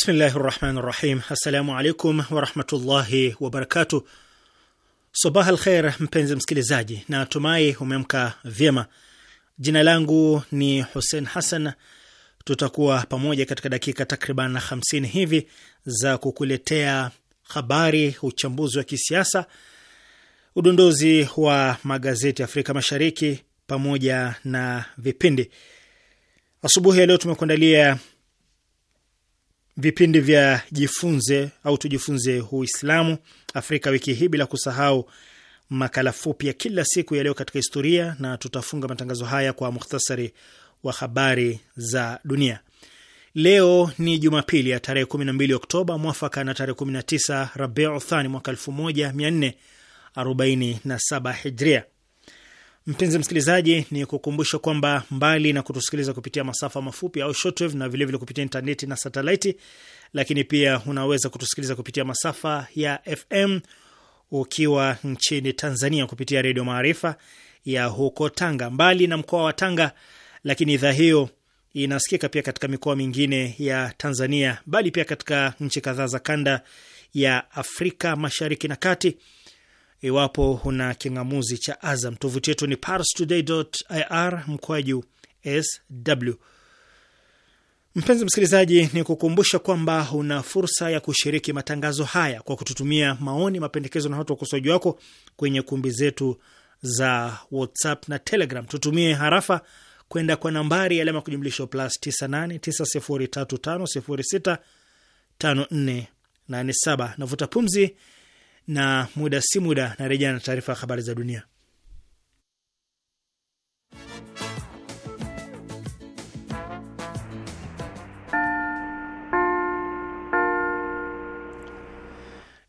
Bismillahi rahmani rahim. Assalamu alaikum warahmatullahi wabarakatu. Sabah al kheir, mpenzi msikilizaji, na tumai umeamka vyema. Jina langu ni Hussein Hassan. Tutakuwa pamoja katika dakika takriban 50 hivi za kukuletea habari, uchambuzi wa kisiasa, udondozi wa magazeti Afrika Mashariki pamoja na vipindi. Asubuhi ya leo tumekuandalia vipindi vya jifunze au tujifunze Uislamu Afrika wiki hii, bila kusahau makala fupi ya kila siku yaliyo katika historia, na tutafunga matangazo haya kwa muhtasari wa habari za dunia. Leo ni Jumapili ya tarehe 12 Oktoba mwafaka na tarehe 19 Rabiu Thani mwaka 1447 Hijria. Mpenzi msikilizaji, ni kukumbusha kwamba mbali na kutusikiliza kupitia masafa mafupi au shortwave na vilevile kupitia intaneti na satelaiti, lakini pia unaweza kutusikiliza kupitia masafa ya FM ukiwa nchini Tanzania kupitia Redio Maarifa ya huko Tanga, mbali na mkoa wa Tanga, lakini idhaa hiyo inasikika pia katika mikoa mingine ya Tanzania, bali pia katika nchi kadhaa za kanda ya Afrika Mashariki na Kati iwapo una king'amuzi cha Azam. Tovuti yetu ni parstoday.ir mkwaju sw. Mpenzi msikilizaji, ni kukumbusha kwamba una fursa ya kushiriki matangazo haya kwa kututumia maoni, mapendekezo na hata ukosoaji wako kwenye kumbi zetu za WhatsApp na Telegram. Tutumie harafa kwenda kwa nambari alama ya kujumlisha plus 989035065487. Navuta pumzi na muda si muda narejea na taarifa ya habari za dunia.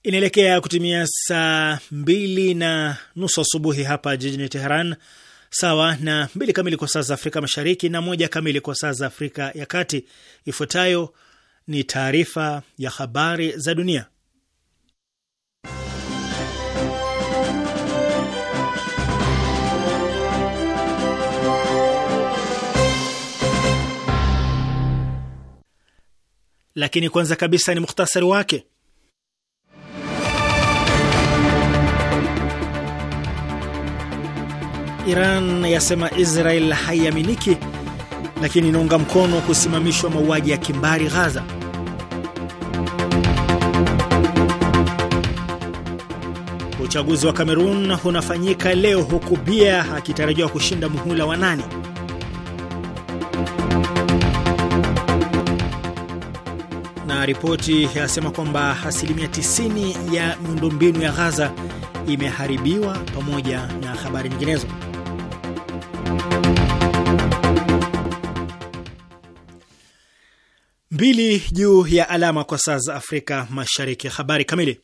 Inaelekea kutumia saa mbili na nusu asubuhi hapa jijini Teheran, sawa na mbili kamili kwa saa za Afrika Mashariki na moja kamili kwa saa za Afrika ya Kati. Ifuatayo ni taarifa ya habari za dunia, lakini kwanza kabisa ni mukhtasari wake. Iran yasema Israel haiaminiki lakini inaunga mkono kusimamishwa mauaji ya kimbari Ghaza. Uchaguzi wa Kamerun unafanyika leo huku Bia akitarajiwa kushinda muhula wa nane. ripoti yasema kwamba asilimia 90 ya miundombinu ya Ghaza imeharibiwa pamoja na habari nyinginezo. Mbili juu ya alama kwa saa za Afrika Mashariki. Habari kamili.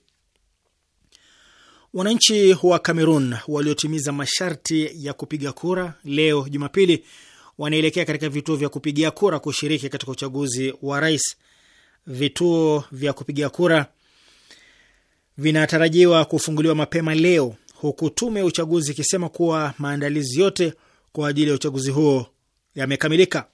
Wananchi wa Kamerun waliotimiza masharti ya kupiga kura leo Jumapili wanaelekea katika vituo vya kupigia kura kushiriki katika uchaguzi wa rais vituo vya kupiga kura vinatarajiwa kufunguliwa mapema leo, huku tume ya uchaguzi ikisema kuwa maandalizi yote kwa ajili ya uchaguzi huo yamekamilika.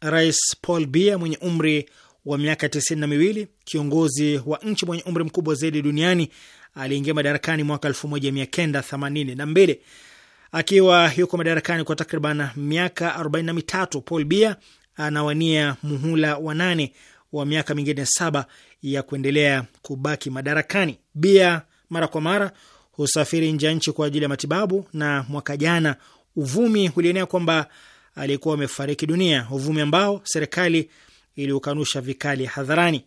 Rais Paul Biya mwenye umri wa miaka tisini na miwili, kiongozi wa nchi mwenye umri mkubwa zaidi duniani, aliingia madarakani mwaka 1982 akiwa yuko madarakani kwa takriban miaka 43. Paul Biya anawania muhula wa nane wa miaka mingine saba ya kuendelea kubaki madarakani. Bia mara kwa mara husafiri nje ya nchi kwa ajili ya matibabu, na mwaka jana uvumi ulienea kwamba alikuwa amefariki dunia, uvumi ambao serikali iliukanusha vikali hadharani.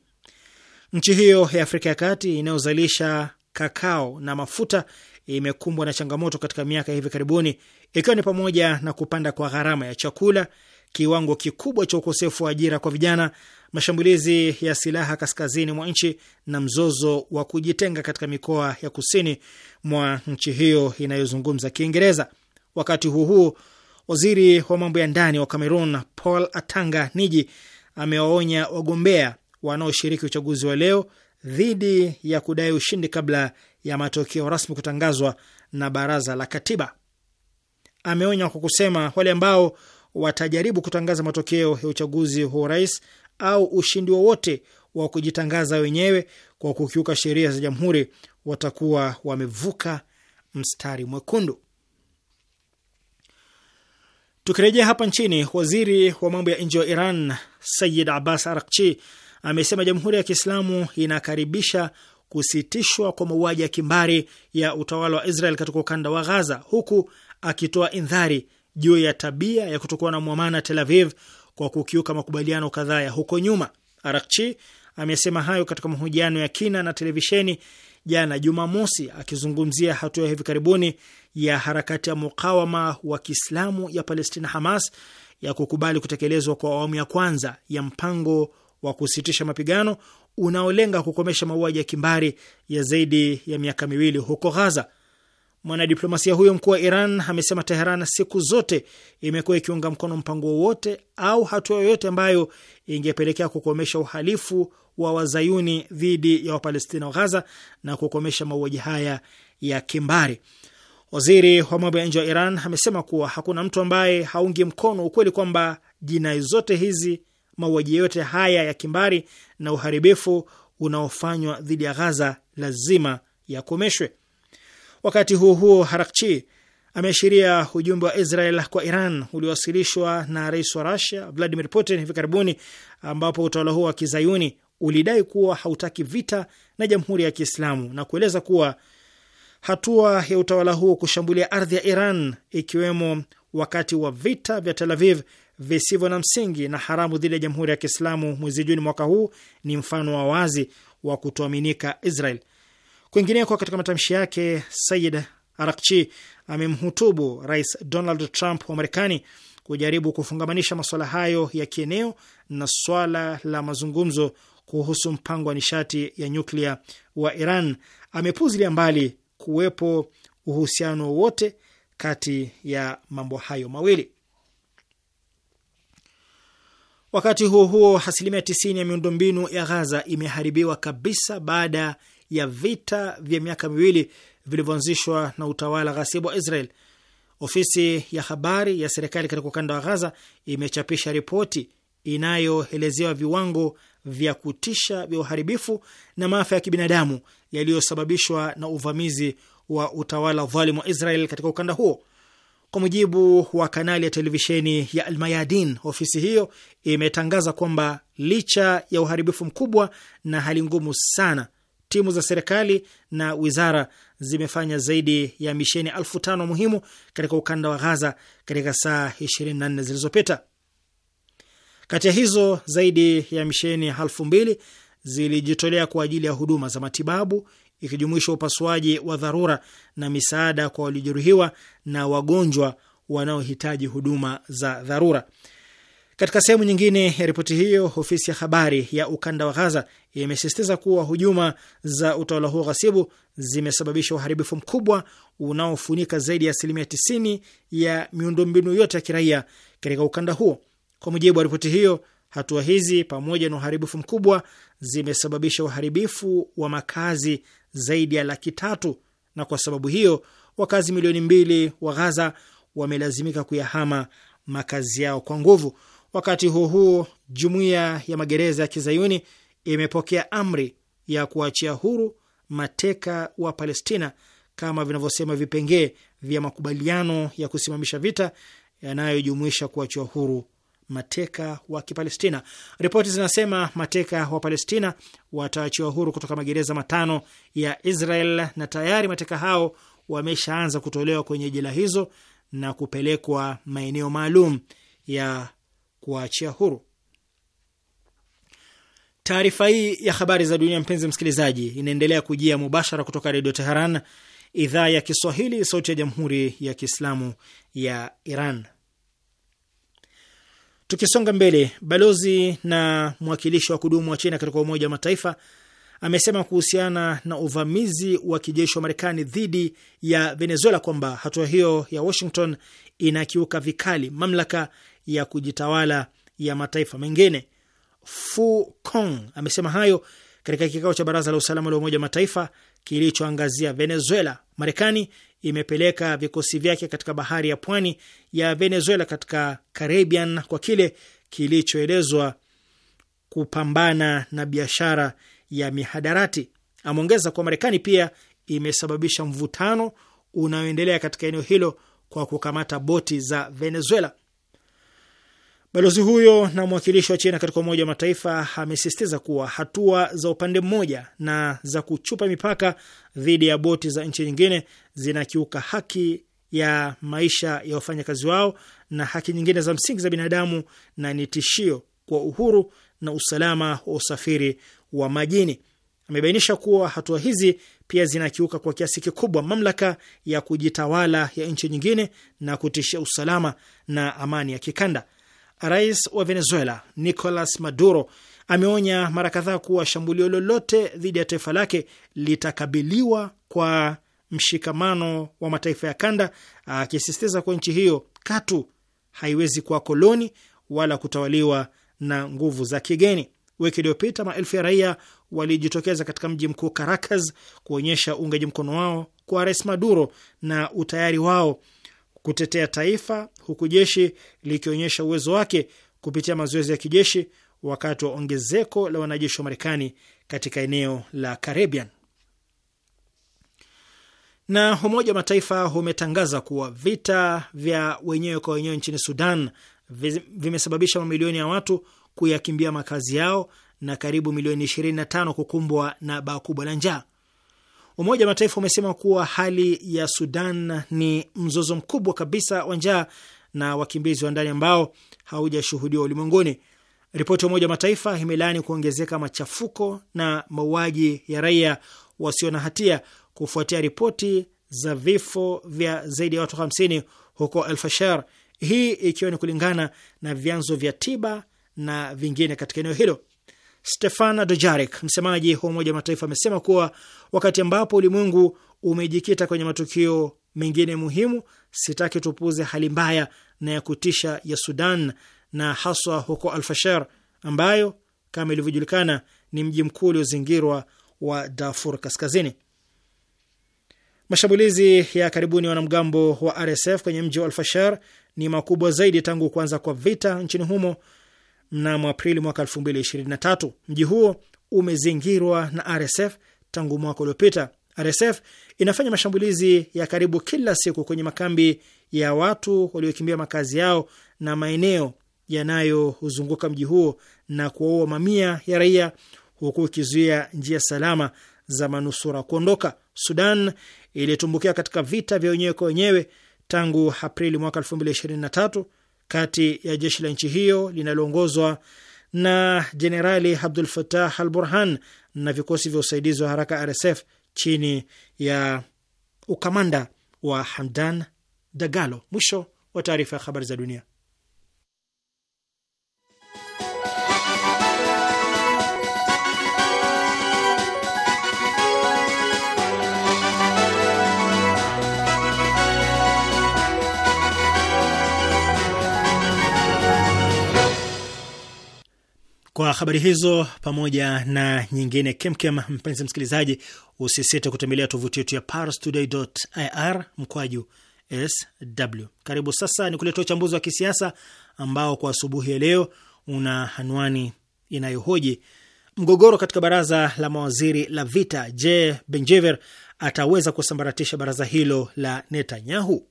Nchi hiyo ya Afrika ya Kati inayozalisha kakao na mafuta imekumbwa na changamoto katika miaka ya hivi karibuni, ikiwa ni pamoja na kupanda kwa gharama ya chakula, kiwango kikubwa cha ukosefu wa ajira kwa vijana mashambulizi ya silaha kaskazini mwa nchi na mzozo wa kujitenga katika mikoa ya kusini mwa nchi hiyo inayozungumza Kiingereza. Wakati huu huu, waziri wa mambo ya ndani wa Cameroon Paul Atanga Niji amewaonya wagombea wanaoshiriki uchaguzi wa leo dhidi ya kudai ushindi kabla ya matokeo rasmi kutangazwa na baraza la katiba. Ameonya kwa kusema wale ambao watajaribu kutangaza matokeo ya uchaguzi wa urais au ushindi wowote wa kujitangaza wenyewe kwa kukiuka sheria za jamhuri watakuwa wamevuka mstari mwekundu. Tukirejea hapa nchini, waziri wa mambo ya nje wa Iran Sayid Abbas Arakchi amesema jamhuri ya Kiislamu inakaribisha kusitishwa kwa mauaji ya kimbari ya utawala wa Israel katika ukanda wa Ghaza, huku akitoa indhari juu ya tabia ya kutokuwa na mwamana Tel Aviv kwa kukiuka makubaliano kadhaa ya huko nyuma. Arakchi amesema hayo katika mahojiano ya kina na televisheni jana Jumamosi, akizungumzia hatua ya hivi karibuni ya harakati ya mukawama wa Kiislamu ya Palestina, Hamas, ya kukubali kutekelezwa kwa awamu ya kwanza ya mpango wa kusitisha mapigano unaolenga kukomesha mauaji ya kimbari ya zaidi ya miaka miwili huko Ghaza. Mwanadiplomasia huyo mkuu wa Iran amesema Teheran siku zote imekuwa ikiunga mkono mpango wowote au hatua yoyote ambayo ingepelekea kukomesha uhalifu wa wazayuni dhidi ya Wapalestina wa Ghaza na kukomesha mauaji haya ya kimbari. Waziri wa mambo ya nje wa Iran amesema kuwa hakuna mtu ambaye haungi mkono ukweli kwamba jinai zote hizi, mauaji yote haya ya kimbari na uharibifu unaofanywa dhidi ya Ghaza lazima yakomeshwe. Wakati huo huo, Harakchi ameashiria ujumbe wa Israel kwa Iran uliowasilishwa na rais wa Rusia Vladimir Putin hivi karibuni, ambapo utawala huo wa kizayuni ulidai kuwa hautaki vita na jamhuri ya Kiislamu na kueleza kuwa hatua ya utawala huo kushambulia ardhi ya Iran, ikiwemo wakati wa vita vya Tel Aviv visivyo na msingi na haramu dhidi ya jamhuri ya Kiislamu mwezi Juni mwaka huu, ni mfano wa wazi wa kutoaminika Israel. Kwingineko, katika matamshi yake, Sayid Arakchi amemhutubu Rais Donald Trump wa Marekani kujaribu kufungamanisha masuala hayo ya kieneo na swala la mazungumzo kuhusu mpango wa nishati ya nyuklia wa Iran. Amepuzilia mbali kuwepo uhusiano wowote kati ya mambo hayo mawili. Wakati huo huo, asilimia 90 ya miundombinu ya Ghaza imeharibiwa kabisa baada ya vita vya miaka miwili vilivyoanzishwa na utawala ghasibu wa Israel. Ofisi ya habari ya serikali katika ukanda wa Ghaza imechapisha ripoti inayoelezewa viwango vya kutisha vya uharibifu na maafa ya kibinadamu yaliyosababishwa na uvamizi wa utawala dhalimu wa Israel katika ukanda huo. Kwa mujibu wa kanali ya televisheni ya Almayadin, ofisi hiyo imetangaza kwamba licha ya uharibifu mkubwa na hali ngumu sana timu za serikali na wizara zimefanya zaidi ya misheni elfu tano muhimu katika ukanda wa Ghaza katika saa 24 zilizopita. Kati ya hizo zaidi ya misheni elfu mbili zilijitolea kwa ajili ya huduma za matibabu ikijumuisha upasuaji wa dharura na misaada kwa waliojeruhiwa na wagonjwa wanaohitaji huduma za dharura. Katika sehemu nyingine ya ripoti hiyo, ofisi ya habari ya ukanda wa Ghaza imesisitiza kuwa hujuma za utawala huo ghasibu zimesababisha uharibifu mkubwa unaofunika zaidi ya asilimia 90 ya miundombinu yote ya kiraia katika ukanda huo. Kwa mujibu wa ripoti hiyo, hatua hizi pamoja na uharibifu mkubwa zimesababisha uharibifu wa makazi zaidi ya laki tatu, na kwa sababu hiyo wakazi milioni mbili wa Ghaza wamelazimika kuyahama makazi yao kwa nguvu. Wakati huo huo, jumuiya ya magereza ya kizayuni imepokea amri ya kuachia huru mateka wa Palestina kama vinavyosema vipengee vya makubaliano ya kusimamisha vita yanayojumuisha kuachiwa huru mateka wa Kipalestina. Ripoti zinasema mateka wa Palestina wataachiwa huru kutoka magereza matano ya Israel, na tayari mateka hao wameshaanza kutolewa kwenye jela hizo na kupelekwa maeneo maalum ya kuachia huru. Taarifa hii ya habari za dunia, mpenzi msikilizaji, inaendelea kujia mubashara kutoka Redio Teheran, idhaa ya Kiswahili, sauti ya Jamhuri ya Kiislamu ya Iran. Tukisonga mbele, balozi na mwakilishi wa kudumu wa China katika Umoja wa Mataifa amesema kuhusiana na uvamizi wa kijeshi wa Marekani dhidi ya Venezuela kwamba hatua hiyo ya Washington inakiuka vikali mamlaka ya kujitawala ya mataifa mengine. Fu Kong amesema hayo katika kikao cha baraza la usalama la Umoja wa Mataifa kilichoangazia Venezuela. Marekani imepeleka vikosi vyake katika bahari ya pwani ya Venezuela katika Caribbean kwa kile kilichoelezwa kupambana na biashara ya mihadarati. Ameongeza kuwa Marekani pia imesababisha mvutano unaoendelea katika eneo hilo kwa kukamata boti za Venezuela. Balozi huyo na mwakilishi wa China katika Umoja wa Mataifa amesisitiza kuwa hatua za upande mmoja na za kuchupa mipaka dhidi ya boti za nchi nyingine zinakiuka haki ya maisha ya wafanyakazi wao na haki nyingine za msingi za binadamu na ni tishio kwa uhuru na usalama wa usafiri wa majini. Amebainisha kuwa hatua hizi pia zinakiuka kwa kiasi kikubwa mamlaka ya kujitawala ya nchi nyingine na kutishia usalama na amani ya kikanda. Rais wa Venezuela Nicolas Maduro ameonya mara kadhaa kuwa shambulio lolote dhidi ya taifa lake litakabiliwa kwa mshikamano wa mataifa ya kanda, akisisitiza kuwa nchi hiyo katu haiwezi kuwa koloni wala kutawaliwa na nguvu za kigeni. Wiki iliyopita maelfu ya raia walijitokeza katika mji mkuu Caracas kuonyesha uungaji mkono wao kwa Rais Maduro na utayari wao kutetea taifa, huku jeshi likionyesha uwezo wake kupitia mazoezi ya kijeshi wakati wa ongezeko la wanajeshi wa Marekani katika eneo la Caribbean. Na Umoja wa Mataifa umetangaza kuwa vita vya wenyewe kwa wenyewe nchini Sudan vimesababisha mamilioni ya watu kuyakimbia makazi yao na karibu milioni 25 kukumbwa na baa kubwa la njaa. Umoja wa Mataifa umesema kuwa hali ya Sudan ni mzozo mkubwa kabisa wa njaa na wakimbizi wa ndani ambao haujashuhudiwa ulimwenguni. Ripoti ya Umoja wa Mataifa imelaani kuongezeka machafuko na mauaji ya raia wasio na hatia kufuatia ripoti za vifo vya zaidi ya watu 50 huko Alfashar, hii ikiwa ni kulingana na vyanzo vya tiba na vingine katika eneo hilo. Stefana Dujarric, msemaji wa Umoja wa Mataifa, amesema kuwa wakati ambapo ulimwengu umejikita kwenye matukio mengine muhimu, sitaki tupuze hali mbaya na ya kutisha ya Sudan na haswa huko Alfasher ambayo kama ilivyojulikana ni mji mkuu uliozingirwa wa Darfur Kaskazini. Mashambulizi ya karibuni wanamgambo wa RSF kwenye mji wa Alfashar ni makubwa zaidi tangu kuanza kwa vita nchini humo mnamo Aprili mwaka 2023. Mji huo umezingirwa na RSF tangu mwaka uliopita. RSF inafanya mashambulizi ya karibu kila siku kwenye makambi ya watu waliokimbia makazi yao na maeneo yanayozunguka mji huo na kuwaua mamia ya raia, huku ikizuia njia salama za manusura kuondoka. Sudan ilitumbukia katika vita vya wenyewe kwa wenyewe tangu Aprili mwaka tatu kati ya jeshi la nchi hiyo linaloongozwa na Jenerali Abdul Fatah Al Burhan na vikosi vya usaidizi wa haraka RSF chini ya ukamanda wa Hamdan Dagalo. Mwisho wa taarifa ya habari za dunia. Kwa habari hizo pamoja na nyingine kemkem, mpenzi msikilizaji, usisite kutembelea tovuti yetu ya parstoday.ir mkwaju sw. Karibu sasa ni kuletea uchambuzi wa kisiasa ambao kwa asubuhi ya leo una anwani inayohoji mgogoro katika baraza la mawaziri la vita. Je, Benjever ataweza kusambaratisha baraza hilo la Netanyahu?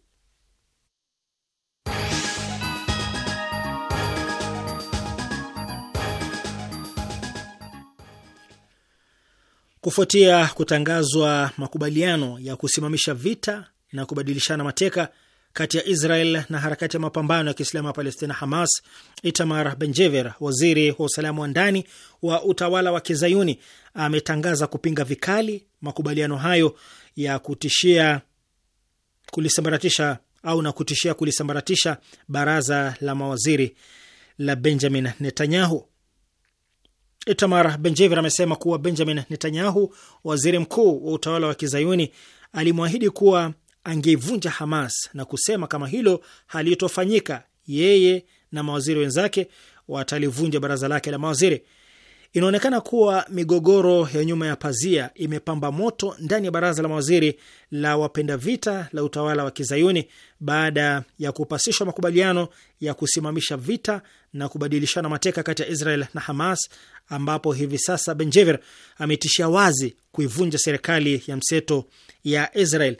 kufuatia kutangazwa makubaliano ya kusimamisha vita na kubadilishana mateka kati ya Israel na harakati ya mapambano ya Kiislamu ya Palestina, Hamas, Itamar Benjever, waziri wa usalama wa ndani wa utawala wa Kizayuni, ametangaza kupinga vikali makubaliano hayo ya kutishia kulisambaratisha au na kutishia kulisambaratisha baraza la mawaziri la Benjamin Netanyahu. Itamar Benjevir amesema kuwa Benjamin Netanyahu, waziri mkuu wa utawala wa kizayuni, alimwahidi kuwa angeivunja Hamas na kusema kama hilo halitofanyika, yeye na mawaziri wenzake watalivunja baraza lake la mawaziri. Inaonekana kuwa migogoro ya nyuma ya pazia imepamba moto ndani ya baraza la mawaziri la wapenda vita la utawala wa kizayuni baada ya kupasishwa makubaliano ya kusimamisha vita na kubadilishana mateka kati ya Israel na Hamas, ambapo hivi sasa Benjevir ametishia wazi kuivunja serikali ya mseto ya Israel.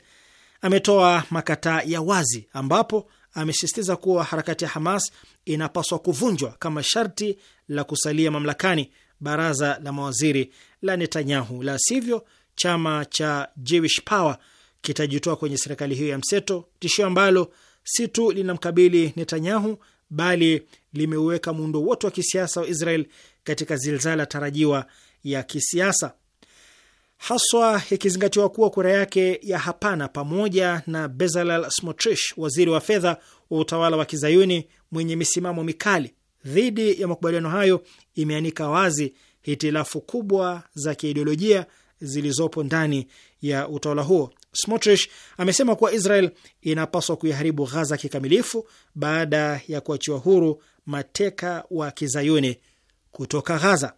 Ametoa makataa ya wazi ambapo amesisitiza kuwa harakati ya Hamas inapaswa kuvunjwa kama sharti la kusalia mamlakani baraza la mawaziri la Netanyahu, la sivyo chama cha Jewish Power kitajitoa kwenye serikali hiyo ya mseto, tishio ambalo si tu linamkabili Netanyahu bali limeuweka muundo wote wa kisiasa wa Israel katika zilzala tarajiwa ya kisiasa, haswa ikizingatiwa kuwa kura yake ya hapana pamoja na Bezalel Smotrich, waziri wa fedha wa utawala wa kizayuni mwenye misimamo mikali dhidi ya makubaliano hayo imeanika wazi hitilafu kubwa za kiidiolojia zilizopo ndani ya utawala huo. Smotrich amesema kuwa Israel inapaswa kuiharibu Ghaza kikamilifu baada ya kuachiwa huru mateka wa kizayuni kutoka Ghaza.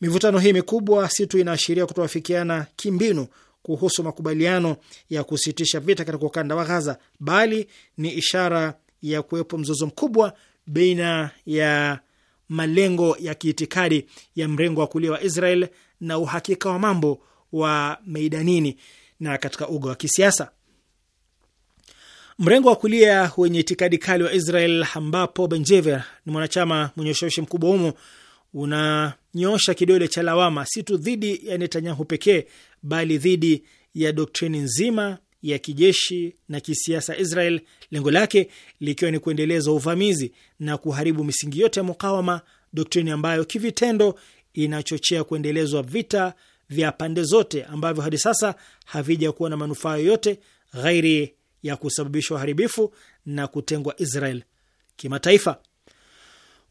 Mivutano hii mikubwa si tu inaashiria kutoafikiana kimbinu kuhusu makubaliano ya kusitisha vita katika ukanda wa Ghaza, bali ni ishara ya kuwepo mzozo mkubwa baina ya malengo ya kiitikadi ya mrengo wa kulia wa Israel na uhakika wa mambo wa meidanini na katika uga wa kisiasa. Mrengo wa kulia wenye itikadi kali wa Israel, ambapo Benjever ni mwanachama mwenye ushawishi mkubwa humo, unanyosha kidole cha lawama si tu dhidi ya Netanyahu pekee, bali dhidi ya doktrini nzima ya kijeshi na kisiasa Israel, lengo lake likiwa ni kuendeleza uvamizi na kuharibu misingi yote ya mukawama, doktrini ambayo kivitendo inachochea kuendelezwa vita vya pande zote ambavyo hadi sasa havijakuwa na manufaa yoyote ghairi ya kusababisha uharibifu na kutengwa Israel kimataifa.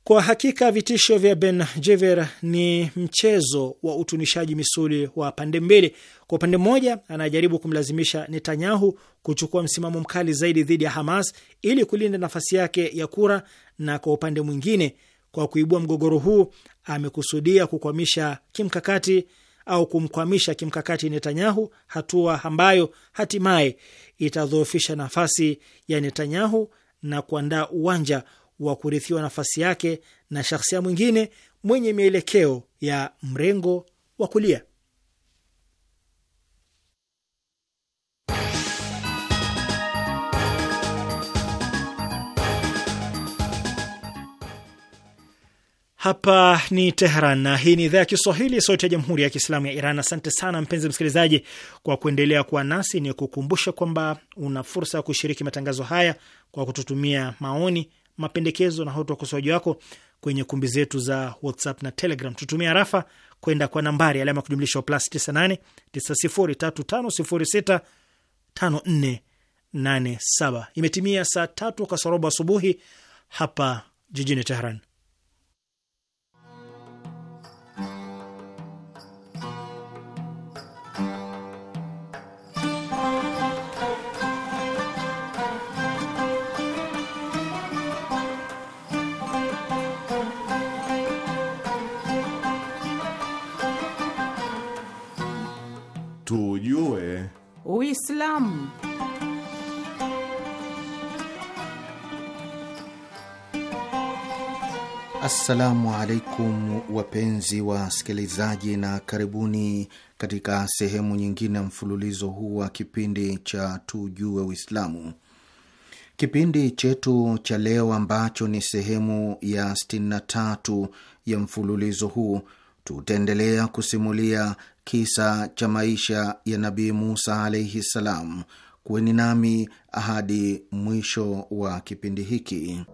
Kwa hakika vitisho vya Ben Jever ni mchezo wa utunishaji misuli wa pande mbili. Kwa upande mmoja, anajaribu kumlazimisha Netanyahu kuchukua msimamo mkali zaidi dhidi ya Hamas ili kulinda nafasi yake ya kura, na kwa upande mwingine, kwa kuibua mgogoro huu amekusudia kukwamisha kimkakati au kumkwamisha kimkakati Netanyahu, hatua ambayo hatimaye itadhoofisha nafasi ya Netanyahu na kuandaa uwanja wa kurithiwa nafasi yake na shahsia mwingine mwenye mielekeo ya mrengo wa kulia. Hapa ni Tehran na hii ni idhaa ya Kiswahili, sauti ya jamhuri ya kiislamu ya Iran. Asante sana mpenzi msikilizaji kwa kuendelea kuwa nasi. Ni kukumbusha kwamba una fursa ya kushiriki matangazo haya kwa kututumia maoni mapendekezo na hoto ukosoaji wako kwenye kumbi zetu za WhatsApp na Telegram. Tutumia rafa kwenda kwa nambari alama kujumlisha plus 98 9035065487. Imetimia saa tatu kasorobo asubuhi hapa jijini teheran tujue Uislamu. Assalamu alaikum wapenzi sikilizaji, na karibuni katika sehemu nyingine ya mfululizo huu wa kipindi cha tujue Uislamu. Kipindi chetu cha leo ambacho ni sehemu ya 63 ya mfululizo huu tutaendelea kusimulia kisa cha maisha ya Nabii Musa alaihi ssalam. Kuweni nami hadi mwisho wa kipindi hiki.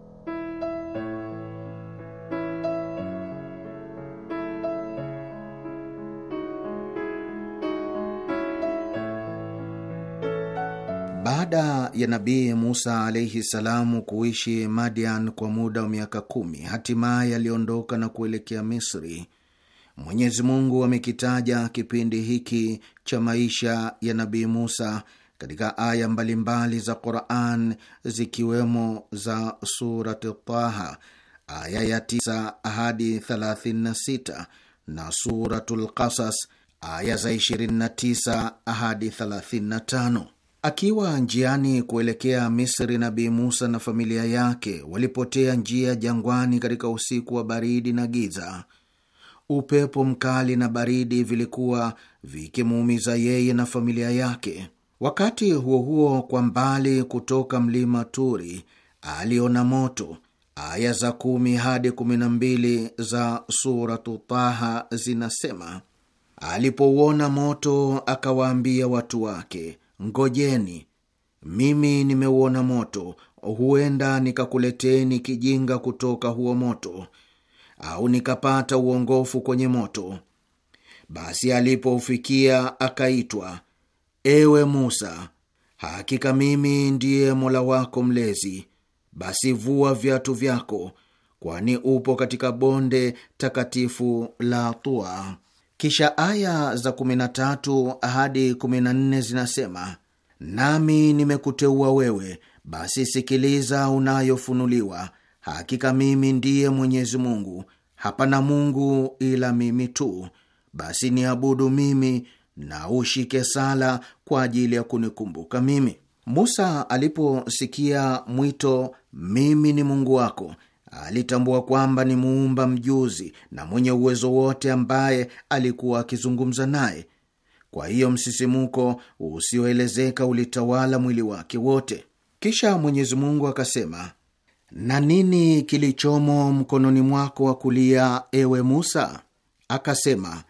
Baada ya Nabii Musa alaihi salamu kuishi Madian kwa muda wa miaka kumi, hatimaye aliondoka na kuelekea Misri. Mwenyezi Mungu amekitaja kipindi hiki cha maisha ya Nabii Musa katika aya mbalimbali za Quran zikiwemo za surat Taha aya ya 9 hadi 36 na Suratul Qasas aya za 29 hadi 35. Akiwa njiani kuelekea Misri, Nabii Musa na familia yake walipotea njia jangwani katika usiku wa baridi na giza upepo mkali na baridi vilikuwa vikimuumiza yeye na familia yake. Wakati huo huo, kwa mbali kutoka mlima Turi aliona moto. Aya za kumi hadi kumi na mbili za Suratu Taha zinasema, alipouona moto akawaambia watu wake, ngojeni, mimi nimeuona moto, huenda nikakuleteni kijinga kutoka huo moto au nikapata uongofu kwenye moto. Basi alipoufikia akaitwa, ewe Musa, hakika mimi ndiye Mola wako Mlezi, basi vua viatu vyako, kwani upo katika bonde takatifu la Tua. Kisha aya za 13 hadi 14 zinasema, nami nimekuteua wewe, basi sikiliza unayofunuliwa Hakika mimi ndiye Mwenyezi Mungu, hapana Mungu ila mimi tu, basi niabudu mimi na ushike sala kwa ajili ya kunikumbuka mimi. Musa aliposikia mwito, mimi ni Mungu wako, alitambua kwamba ni muumba mjuzi na mwenye uwezo wote ambaye alikuwa akizungumza naye. Kwa hiyo msisimuko usioelezeka ulitawala mwili wake wote. Kisha Mwenyezi Mungu akasema na nini kilichomo mkononi mwako wa kulia, ewe Musa? Akasema,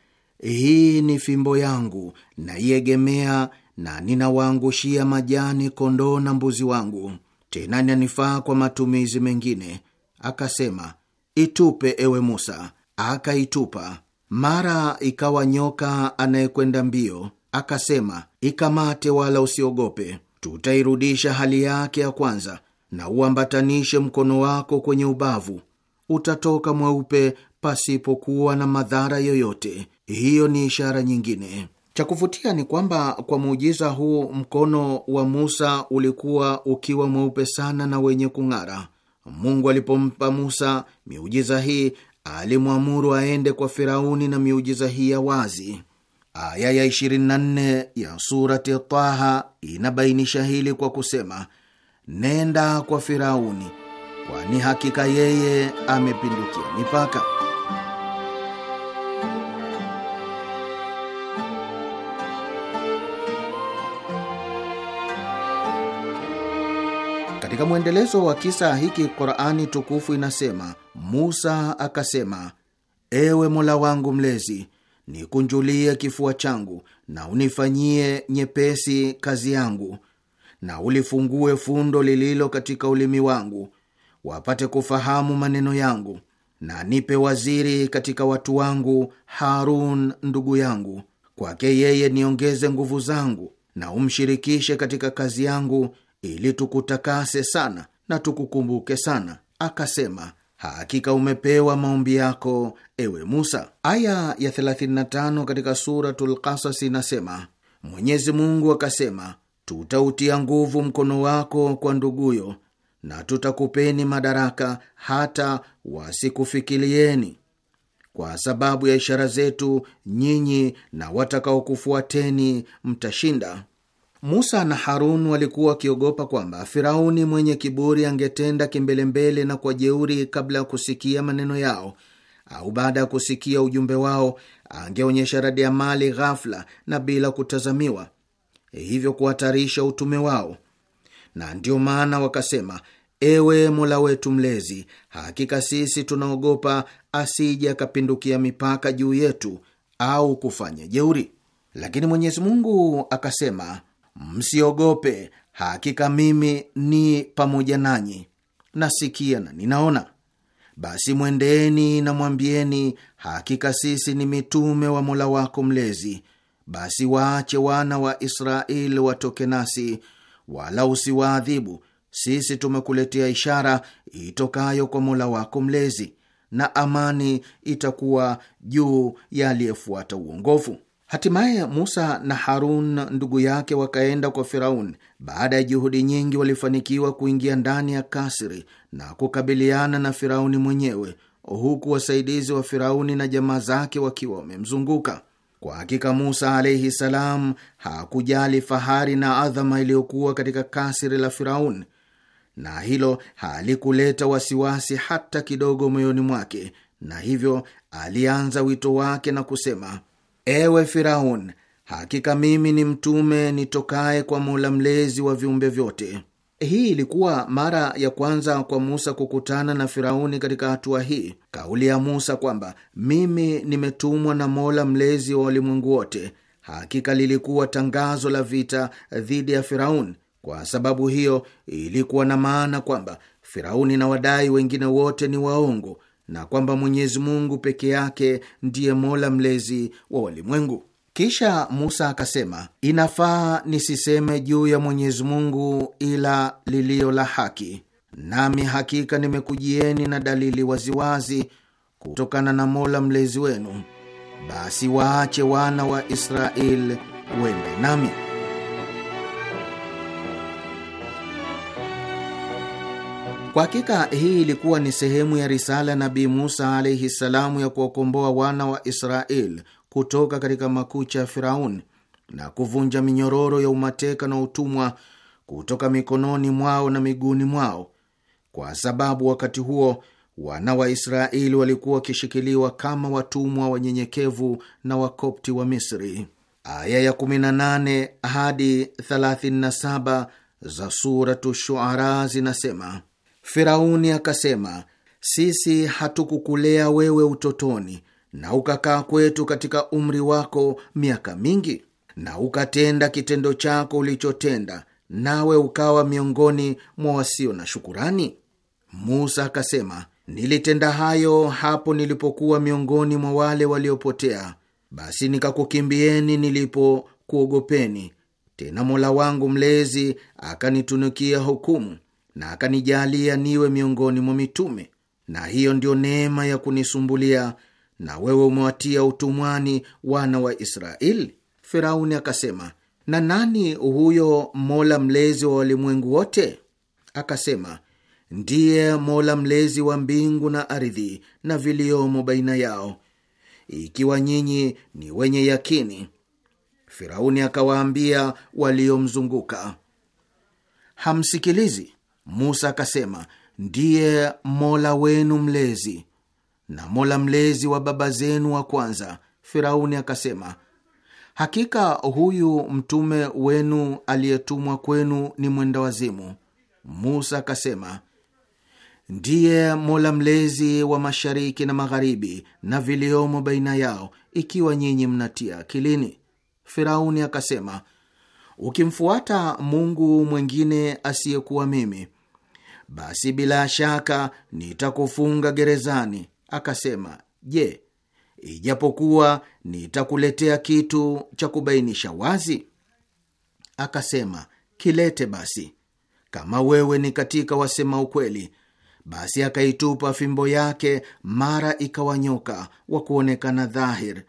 hii ni fimbo yangu, naiegemea na ninawaangushia majani kondoo na mbuzi wangu, tena nanifaa kwa matumizi mengine. Akasema, itupe ewe Musa. Akaitupa. Mara ikawa nyoka anayekwenda mbio, akasema, ikamate wala usiogope, tutairudisha hali yake ya kwanza na uambatanishe mkono wako kwenye ubavu, utatoka mweupe pasipokuwa na madhara yoyote. Hiyo ni ishara nyingine. Cha kuvutia ni kwamba kwa muujiza huu mkono wa Musa ulikuwa ukiwa mweupe sana na wenye kung'ara. Mungu alipompa Musa miujiza hii alimwamuru aende kwa Firauni na miujiza hii ya wazi. Aya ya 24 ya surati Taha inabainisha hili kwa kusema nenda kwa Firauni, kwani hakika yeye amepindukia mipaka. Katika mwendelezo wa kisa hiki, Qurani tukufu inasema, Musa akasema, ewe Mola wangu mlezi, nikunjulie kifua changu na unifanyie nyepesi kazi yangu na ulifungue fundo lililo katika ulimi wangu, wapate kufahamu maneno yangu, na nipe waziri katika watu wangu, Harun ndugu yangu. Kwake yeye niongeze nguvu zangu, na umshirikishe katika kazi yangu, ili tukutakase sana na tukukumbuke sana. Akasema, hakika umepewa maombi yako, ewe Musa. Aya ya 35 katika Suratul Kasasi inasema Mwenyezi Mungu akasema tutautia nguvu mkono wako kwa nduguyo, na tutakupeni madaraka hata wasikufikirieni. Kwa sababu ya ishara zetu, nyinyi na watakaokufuateni mtashinda. Musa na Harun walikuwa wakiogopa kwamba Firauni mwenye kiburi angetenda kimbelembele na kwa jeuri kabla ya kusikia maneno yao au baada ya kusikia ujumbe wao, angeonyesha radi ya mali ghafla na bila kutazamiwa Eh, hivyo kuhatarisha utume wao, na ndiyo maana wakasema, ewe Mola wetu Mlezi, hakika sisi tunaogopa asije akapindukia mipaka juu yetu au kufanya jeuri. Lakini Mwenyezi Mungu akasema, msiogope, hakika mimi ni pamoja nanyi, nasikia na ninaona. Basi mwendeeni na mwambieni, hakika sisi ni mitume wa Mola wako Mlezi, basi waache wana wa Israeli watoke nasi, wala usiwaadhibu. Sisi tumekuletea ishara itokayo kwa Mola wako Mlezi, na amani itakuwa juu ya aliyefuata uongofu. Hatimaye Musa na Harun ndugu yake wakaenda kwa firaun Baada ya juhudi nyingi, walifanikiwa kuingia ndani ya kasri na kukabiliana na Firauni mwenyewe, huku wasaidizi wa Firauni na jamaa zake wakiwa wamemzunguka. Kwa hakika Musa alaihi salam hakujali fahari na adhama iliyokuwa katika kasiri la Firaun, na hilo halikuleta wasiwasi hata kidogo moyoni mwake, na hivyo alianza wito wake na kusema: ewe Firaun, hakika mimi ni mtume nitokaye kwa Mola mlezi wa viumbe vyote hii ilikuwa mara ya kwanza kwa Musa kukutana na Firauni katika hatua hii. Kauli ya Musa kwamba mimi nimetumwa na Mola mlezi wa walimwengu wote, hakika lilikuwa tangazo la vita dhidi ya Firauni. Kwa sababu hiyo, ilikuwa na maana kwamba Firauni na wadai wengine wote ni waongo na kwamba Mwenyezi Mungu peke yake ndiye Mola mlezi wa walimwengu. Kisha Musa akasema, inafaa nisiseme juu ya Mwenyezi Mungu ila liliyo la haki, nami hakika nimekujieni na dalili waziwazi kutokana na Mola mlezi wenu, basi waache wana wa Israeli wende nami. Kwa hakika hii ilikuwa ni sehemu ya risala ya Nabii Musa alaihi salamu ya kuwakomboa wana wa Israeli kutoka katika makucha ya Firauni na kuvunja minyororo ya umateka na utumwa kutoka mikononi mwao na miguuni mwao, kwa sababu wakati huo wana wa Israeli walikuwa wakishikiliwa kama watumwa wanyenyekevu na Wakopti wa Misri. Aya ya 18 hadi 37 za Suratu Shuara zinasema: Firauni akasema, sisi hatukukulea wewe utotoni na ukakaa kwetu katika umri wako miaka mingi, na ukatenda kitendo chako ulichotenda, nawe ukawa miongoni mwa wasio na shukurani? Musa akasema, nilitenda hayo hapo nilipokuwa miongoni mwa wale waliopotea, basi nikakukimbieni nilipokuogopeni. Tena Mola wangu Mlezi akanitunukia hukumu na akanijalia niwe miongoni mwa mitume, na hiyo ndiyo neema ya kunisumbulia na wewe umewatia utumwani wana wa Israeli? Firauni akasema, na nani huyo mola mlezi wa walimwengu wote? Akasema, ndiye mola mlezi wa mbingu na ardhi na viliomo baina yao, ikiwa nyinyi ni wenye yakini. Firauni akawaambia waliomzunguka, hamsikilizi? Musa akasema, ndiye mola wenu mlezi na Mola mlezi wa baba zenu wa kwanza. Firauni akasema, hakika huyu mtume wenu aliyetumwa kwenu ni mwenda wazimu. Musa akasema, ndiye Mola mlezi wa mashariki na magharibi na viliomo baina yao, ikiwa nyinyi mnatia akilini. Firauni akasema, ukimfuata Mungu mwingine asiyekuwa mimi, basi bila shaka nitakufunga gerezani akasema, Je, ijapokuwa nitakuletea kitu cha kubainisha wazi? Akasema, kilete basi, kama wewe ni katika wasema ukweli. Basi akaitupa fimbo yake, mara ikawanyoka wa kuonekana dhahir,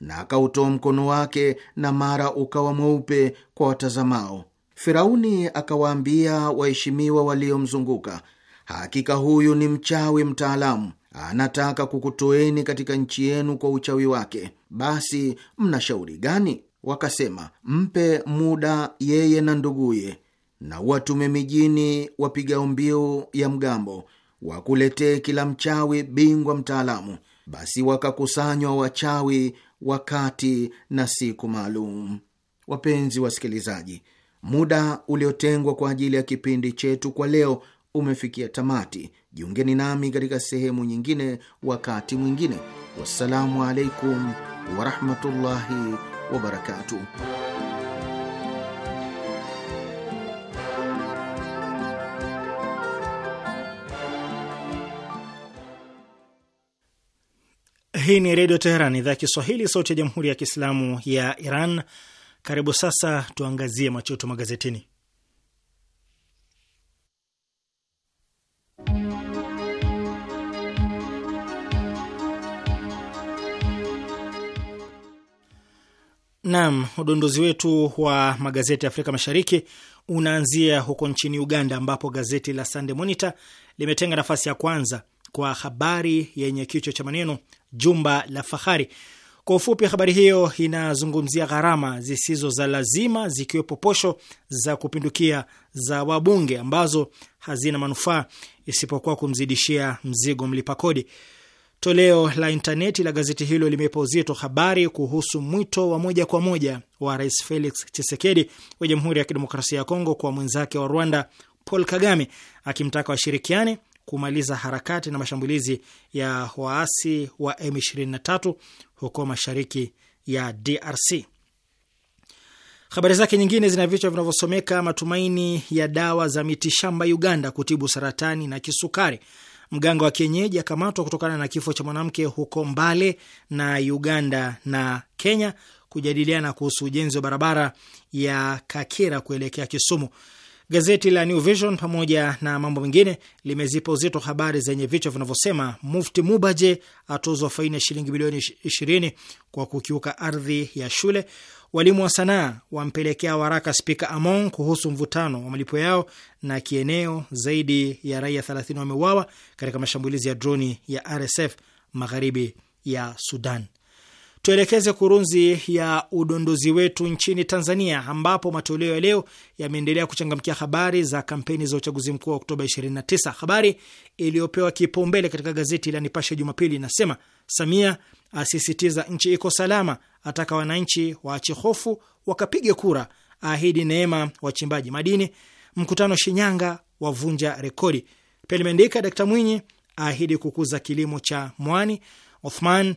na akautoa mkono wake, na mara ukawa mweupe kwa watazamao. Firauni akawaambia waheshimiwa waliomzunguka, hakika huyu ni mchawi mtaalamu anataka kukutoeni katika nchi yenu kwa uchawi wake, basi mna shauri gani? Wakasema, mpe muda yeye na nduguye, na watume mijini wapigao mbiu ya mgambo wakuletee kila mchawi bingwa mtaalamu. Basi wakakusanywa wachawi wakati na siku maalum. Wapenzi wasikilizaji, muda uliotengwa kwa ajili ya kipindi chetu kwa leo umefikia tamati Jiungeni nami katika sehemu nyingine wakati mwingine. Wassalamu alaikum warahmatullahi wabarakatuh. Hii ni Redio Teheran, idhaa ya Kiswahili, sauti ya Jamhuri ya Kiislamu ya Iran. Karibu sasa tuangazie machoto magazetini. Naam, udondozi wetu wa magazeti ya Afrika Mashariki unaanzia huko nchini Uganda, ambapo gazeti la Sunday Monitor limetenga nafasi ya kwanza kwa habari yenye kichwa cha maneno jumba la fahari. Kwa ufupi, habari hiyo inazungumzia gharama zisizo za lazima zikiwepo posho za kupindukia za wabunge ambazo hazina manufaa isipokuwa kumzidishia mzigo mlipa kodi. Toleo la intaneti la gazeti hilo limepa uzito habari kuhusu mwito wa moja kwa moja wa Rais Felix chisekedi wa Jamhuri ya Kidemokrasia ya Kongo kwa mwenzake wa Rwanda Paul Kagame, akimtaka washirikiane kumaliza harakati na mashambulizi ya waasi wa M23 huko mashariki ya DRC. Habari zake nyingine zina vichwa vinavyosomeka matumaini ya dawa za mitishamba Uganda kutibu saratani na kisukari Mganga wa kienyeji akamatwa kutokana na kifo cha mwanamke huko Mbale na Uganda na Kenya kujadiliana kuhusu ujenzi wa barabara ya Kakira kuelekea Kisumu. Gazeti la New Vision pamoja na mambo mengine limezipa uzito habari zenye vichwa vinavyosema: Mufti Mubaje atozwa faini ya shilingi bilioni ishirini kwa kukiuka ardhi ya shule; Walimu wa sanaa wampelekea waraka Spika Amon kuhusu mvutano wa malipo yao. Na kieneo, zaidi ya raia 30 wameuawa katika mashambulizi ya droni ya RSF magharibi ya Sudan. Tuelekeze kurunzi ya udondozi wetu nchini Tanzania, ambapo matoleo ya leo yameendelea kuchangamkia habari za kampeni za uchaguzi mkuu wa Oktoba 29. Habari iliyopewa kipaumbele katika gazeti la Nipashe Jumapili inasema Samia asisitiza nchi iko salama, ataka wananchi waache hofu wakapige kura, ahidi neema wachimbaji madini. Mkutano Shinyanga wavunja rekodi. Pia limeandika Dkt Mwinyi ahidi kukuza kilimo cha mwani, Othman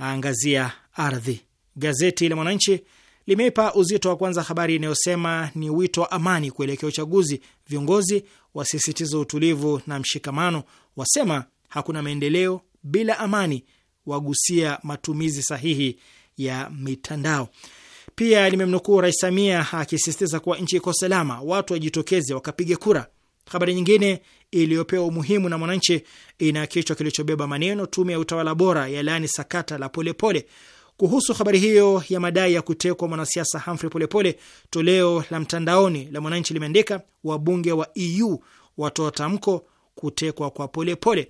aangazia ardhi. Gazeti la Mwananchi limeipa uzito wa kwanza habari inayosema ni wito wa amani kuelekea uchaguzi, viongozi wasisitiza utulivu na mshikamano, wasema hakuna maendeleo bila amani, wagusia matumizi sahihi ya mitandao. Pia limemnukuu Rais Samia akisisitiza kuwa nchi iko salama, watu wajitokeze wakapige kura. Habari nyingine iliyopewa umuhimu na Mwananchi ina kichwa kilichobeba maneno tume ya utawala bora ya lani sakata la Polepole pole. Kuhusu habari hiyo ya madai ya kutekwa mwanasiasa Humphrey Polepole, toleo la mtandaoni la Mwananchi limeandika wabunge wa EU watoa tamko kutekwa kwa Polepole pole.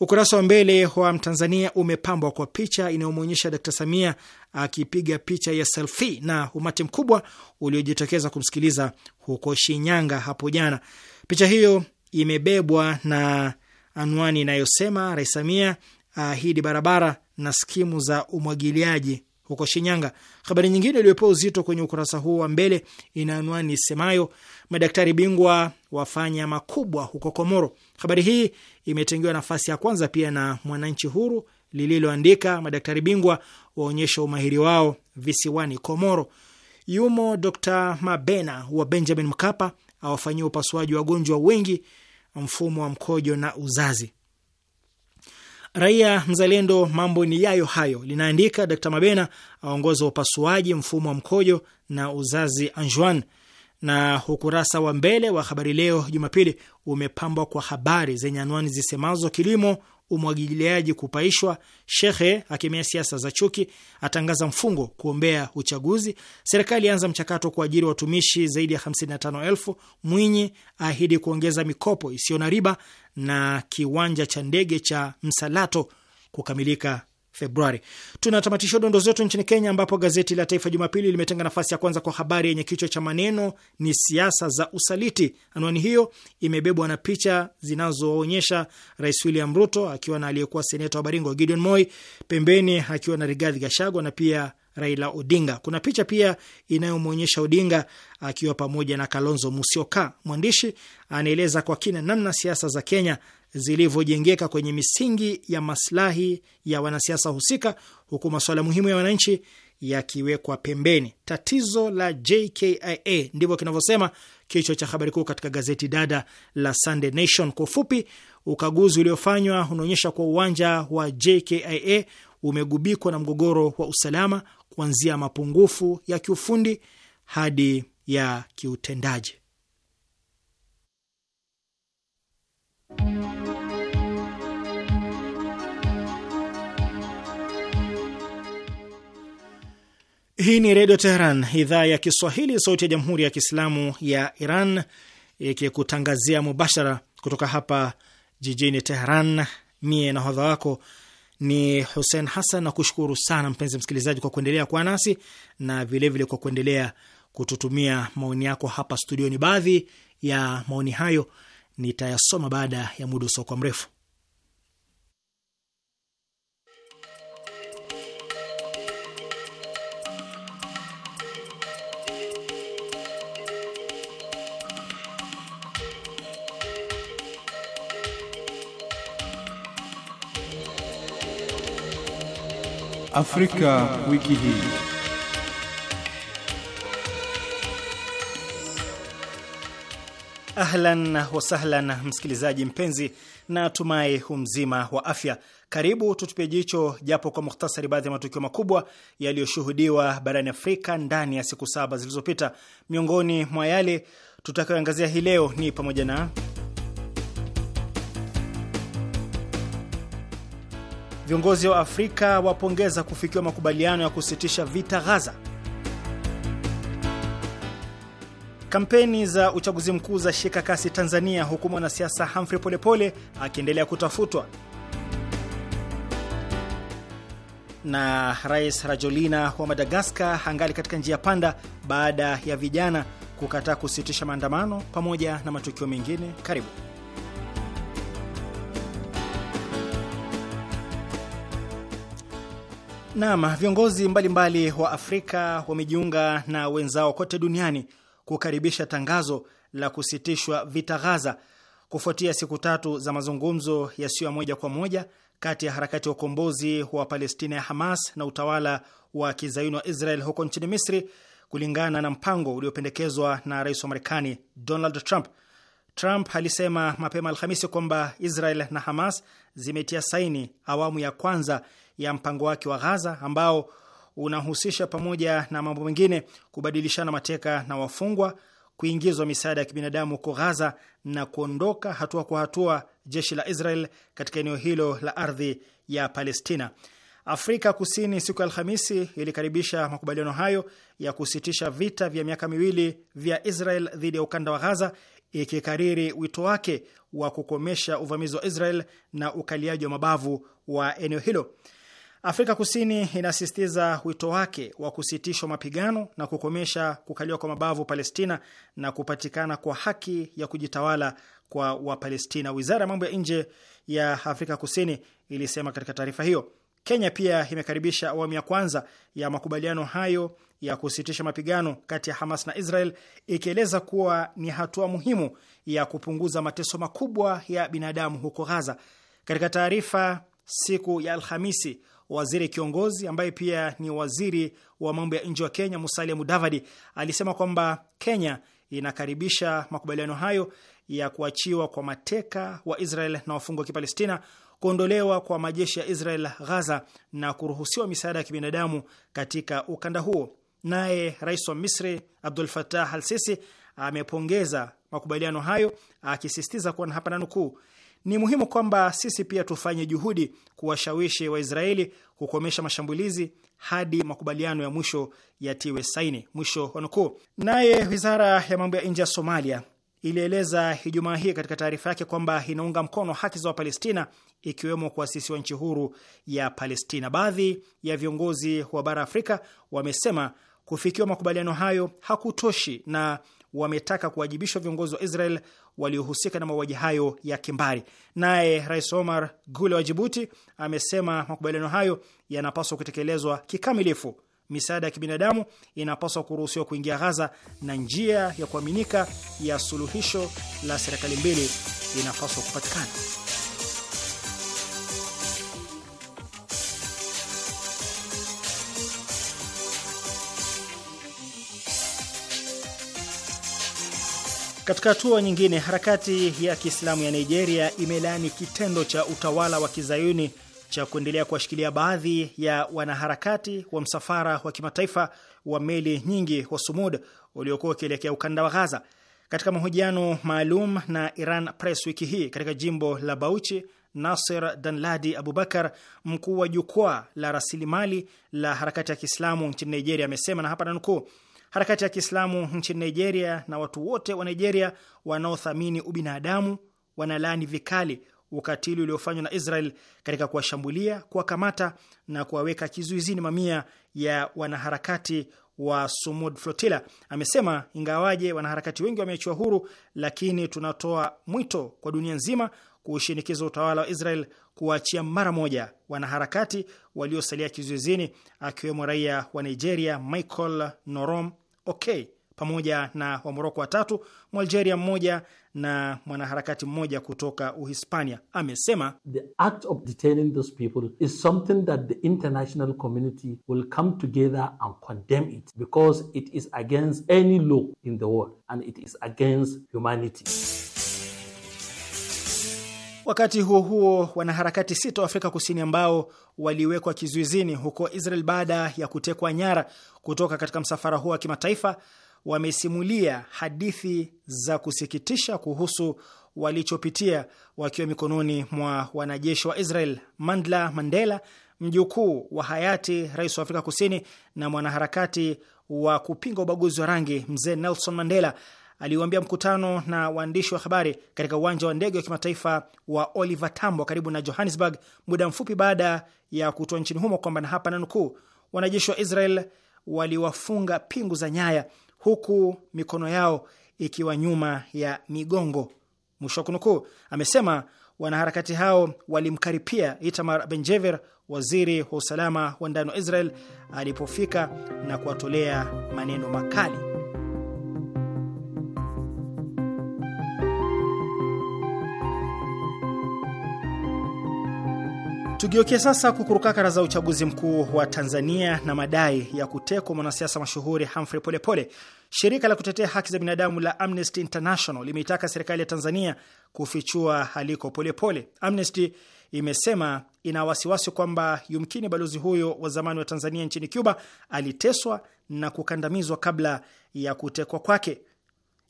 Ukurasa wa mbele wa Mtanzania umepambwa kwa picha inayomwonyesha Dkt Samia akipiga picha ya selfie na umati mkubwa uliojitokeza kumsikiliza huko Shinyanga hapo jana. Picha hiyo imebebwa na anwani inayosema Rais Samia ahidi barabara na skimu za umwagiliaji huko Shinyanga. Habari nyingine iliyopewa uzito kwenye ukurasa huu wa mbele ina anwani isemayo Madaktari bingwa wafanya makubwa huko Komoro. Habari hii imetengewa nafasi ya kwanza pia na Mwananchi Huru lililoandika madaktari bingwa waonyesha umahiri wao visiwani Komoro. Yumo Dr Mabena wa Benjamin Mkapa awafanyia upasuaji wagonjwa wengi mfumo wa mkojo na uzazi. Raia Mzalendo mambo ni yayo hayo linaandika Dr Mabena aongoza upasuaji mfumo wa mkojo na uzazi Anjuan na ukurasa wa mbele wa Habari Leo Jumapili umepambwa kwa habari zenye anwani zisemazo: kilimo, umwagiliaji kupaishwa, shehe akemea siasa za chuki, atangaza mfungo kuombea uchaguzi, serikali anza mchakato kuajiri watumishi zaidi ya 55,000, Mwinyi ahidi kuongeza mikopo isiyo na riba, na kiwanja cha ndege cha Msalato kukamilika Februari. Tunatamatisha dondoo zetu nchini Kenya, ambapo gazeti la Taifa Jumapili limetenga nafasi ya kwanza kwa habari yenye kichwa cha maneno ni siasa za usaliti. Anwani hiyo imebebwa na picha zinazoonyesha Rais William Ruto akiwa na aliyekuwa seneta wa Baringo Gideon Moi, pembeni akiwa na Rigathi Gachagua na pia Raila Odinga. Kuna picha pia inayomwonyesha Odinga akiwa pamoja na Kalonzo Musyoka. Mwandishi anaeleza kwa kina namna siasa za Kenya zilivyojengeka kwenye misingi ya maslahi ya wanasiasa husika, huku masuala muhimu ya wananchi yakiwekwa pembeni. Tatizo la JKIA ndivyo kinavyosema kichwa cha habari kuu katika gazeti dada la Sunday Nation. Kwa ufupi, ukaguzi uliofanywa unaonyesha kuwa uwanja wa JKIA umegubikwa na mgogoro wa usalama, kuanzia mapungufu ya kiufundi hadi ya kiutendaji. Hii ni Redio Teheran, idhaa ya Kiswahili, sauti ya Jamhuri ya Kiislamu ya Iran, ikikutangazia mubashara kutoka hapa jijini Teheran. Mie nahodha wako ni Hussein Hassan na kushukuru sana mpenzi msikilizaji kwa kuendelea kuwa nasi na vilevile vile kwa kuendelea kututumia maoni yako hapa studioni. Baadhi ya maoni hayo nitayasoma baada ya muda usiokuwa mrefu. Afrika, wiki hii. Ahlan wasahlan msikilizaji mpenzi, na tumai humzima wa afya. Karibu tutupie jicho japo kwa muhtasari baadhi ya matukio makubwa yaliyoshuhudiwa barani Afrika ndani ya siku saba zilizopita. Miongoni mwa yale tutakayoangazia hii leo ni pamoja na Viongozi wa Afrika wapongeza kufikiwa makubaliano ya kusitisha vita Ghaza. Kampeni za uchaguzi mkuu za shika kasi Tanzania, huku mwanasiasa Humphrey Polepole akiendelea kutafutwa. Na Rais Rajolina wa Madagaskar hangali katika njia panda baada ya vijana kukataa kusitisha maandamano, pamoja na matukio mengine. Karibu. Naam, viongozi mbalimbali mbali wa Afrika wamejiunga na wenzao kote duniani kukaribisha tangazo la kusitishwa vita Ghaza kufuatia siku tatu za mazungumzo yasiyo ya moja kwa moja kati ya harakati ya ukombozi wa Palestina ya Hamas na utawala wa kizayuni wa Israel huko nchini Misri, kulingana na mpango uliopendekezwa na rais wa Marekani Donald Trump. Trump alisema mapema Alhamisi kwamba Israel na Hamas zimetia saini awamu ya kwanza ya mpango wake wa Ghaza ambao unahusisha pamoja na mambo mengine kubadilishana mateka na wafungwa, kuingizwa misaada ya kibinadamu huko Ghaza na kuondoka hatua kwa hatua jeshi la Israel katika eneo hilo la ardhi ya Palestina. Afrika Kusini siku ya Alhamisi ilikaribisha makubaliano hayo ya kusitisha vita vya miaka miwili vya Israel dhidi ya ukanda wa Ghaza, ikikariri wito wake wa kukomesha uvamizi wa Israel na ukaliaji wa mabavu wa eneo hilo. Afrika Kusini inasisitiza wito wake wa kusitishwa mapigano na kukomesha kukaliwa kwa mabavu Palestina na kupatikana kwa haki ya kujitawala kwa Wapalestina, wizara ya mambo ya nje ya Afrika Kusini ilisema katika taarifa hiyo. Kenya pia imekaribisha awamu ya kwanza ya makubaliano hayo ya kusitisha mapigano kati ya Hamas na Israel, ikieleza kuwa ni hatua muhimu ya kupunguza mateso makubwa ya binadamu huko Ghaza. Katika taarifa siku ya Alhamisi, waziri kiongozi ambaye pia ni waziri wa mambo ya nje wa Kenya, Musalia Mudavadi, alisema kwamba Kenya inakaribisha makubaliano hayo ya kuachiwa kwa mateka wa Israel na wafungwa wa Kipalestina, kuondolewa kwa majeshi ya Israel Ghaza na kuruhusiwa misaada ya kibinadamu katika ukanda huo. Naye rais wa Misri Abdul fatah al Sisi amepongeza makubaliano hayo akisisitiza kuwa na hapa nanukuu ni muhimu kwamba sisi pia tufanye juhudi kuwashawishi Waisraeli kukomesha mashambulizi hadi makubaliano ya mwisho yatiwe saini. Mwisho wa nukuu. Naye wizara ya mambo ya nje ya Somalia ilieleza Ijumaa hii katika taarifa yake kwamba inaunga mkono haki za Wapalestina ikiwemo kuasisiwa nchi huru ya Palestina. Baadhi ya viongozi wa bara Afrika wamesema kufikiwa makubaliano hayo hakutoshi na wametaka kuwajibishwa viongozi wa Israel waliohusika na mauaji hayo ya kimbari. Naye Rais Omar Gule wa Jibuti amesema makubaliano hayo yanapaswa kutekelezwa kikamilifu. Misaada ya kibinadamu inapaswa kuruhusiwa kuingia Ghaza na njia ya kuaminika ya suluhisho la serikali mbili inapaswa kupatikana. Katika hatua nyingine, harakati ya Kiislamu ya Nigeria imelaani kitendo cha utawala wa kizayuni cha kuendelea kuwashikilia baadhi ya wanaharakati wa msafara wa kimataifa wa meli nyingi wa Sumud uliokuwa ukielekea ukanda wa Ghaza. Katika mahojiano maalum na Iran Press wiki hii katika jimbo la Bauchi, Nasir Danladi Abubakar, mkuu wa jukwaa la rasilimali la harakati ya Kiislamu nchini Nigeria, amesema na hapa nanukuu: harakati ya Kiislamu nchini Nigeria na watu wote wa Nigeria wanaothamini ubinadamu wanalaani vikali ukatili uliofanywa na Israel katika kuwashambulia, kuwakamata na kuwaweka kizuizini mamia ya wanaharakati wa Sumud Flotilla. Amesema ingawaje wanaharakati wengi wameachiwa huru, lakini tunatoa mwito kwa dunia nzima kuushinikiza utawala wa Israel kuwaachia mara moja wanaharakati waliosalia kizuizini akiwemo raia wa Nigeria Michael Norom ok pamoja na Wamoroko watatu, Mwalgeria mmoja na mwanaharakati mmoja kutoka Uhispania. Amesema the act of detaining those people is something that the international community will come together and condemn it because it is against any law in the world and it is against humanity. Wakati huo huo, wanaharakati sita wa Afrika Kusini ambao waliwekwa kizuizini huko Israel baada ya kutekwa nyara kutoka katika msafara huo wa kimataifa wamesimulia hadithi za kusikitisha kuhusu walichopitia wakiwa mikononi mwa wanajeshi wa Israel. Mandla Mandela, mjukuu wa hayati rais wa Afrika Kusini na mwanaharakati wa kupinga ubaguzi wa rangi mzee Nelson Mandela, aliuambia mkutano na waandishi wa habari katika uwanja wa ndege wa kimataifa wa Oliver Tambo karibu na Johannesburg muda mfupi baada ya kutoa nchini humo kwamba, na hapa nanukuu, wanajeshi wa Israel waliwafunga pingu za nyaya huku mikono yao ikiwa nyuma ya migongo, mwisho wa kunukuu. Amesema wanaharakati hao walimkaripia Itamar Benjever, waziri wa usalama wa ndani wa Israel, alipofika na kuwatolea maneno makali. Tugeukie sasa kukurukakara za uchaguzi mkuu wa Tanzania na madai ya kutekwa mwanasiasa mashuhuri Humphrey Polepole. Shirika la kutetea haki za binadamu la Amnesty International limeitaka serikali ya Tanzania kufichua aliko Polepole. Amnesty imesema ina wasiwasi kwamba yumkini balozi huyo wa zamani wa Tanzania nchini Cuba aliteswa na kukandamizwa kabla ya kutekwa kwake.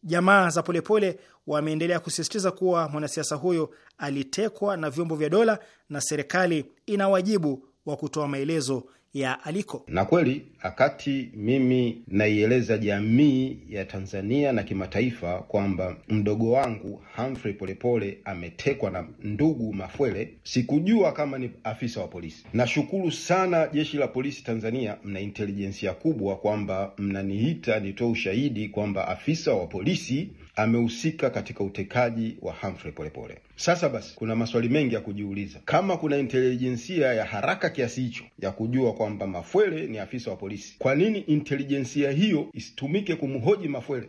Jamaa za Polepole wameendelea kusisitiza kuwa mwanasiasa huyo alitekwa na vyombo vya dola na serikali ina wajibu wa kutoa maelezo ya aliko. Na kweli akati mimi naieleza jamii ya Tanzania na kimataifa kwamba mdogo wangu Humphrey Polepole ametekwa na ndugu Mafwele, sikujua kama ni afisa wa polisi. Nashukuru sana jeshi la polisi Tanzania, mna intelijensia kubwa kwamba mnaniita nitoe ushahidi kwamba afisa wa polisi amehusika katika utekaji wa Humphrey Polepole. Sasa basi, kuna maswali mengi ya kujiuliza. Kama kuna intelijensia ya haraka kiasi hicho ya kujua kwamba Mafwele ni afisa wa polisi, kwa nini intelijensia hiyo isitumike kumhoji Mafwele?